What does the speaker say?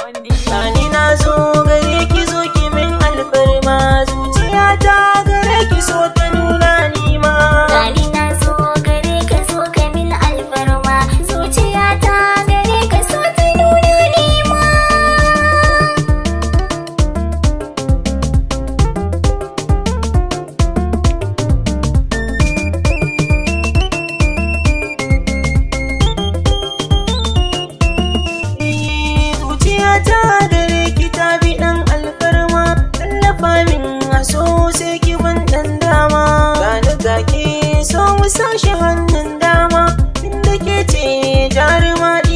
on so mu sashi hannun dama inda ke ce jaruma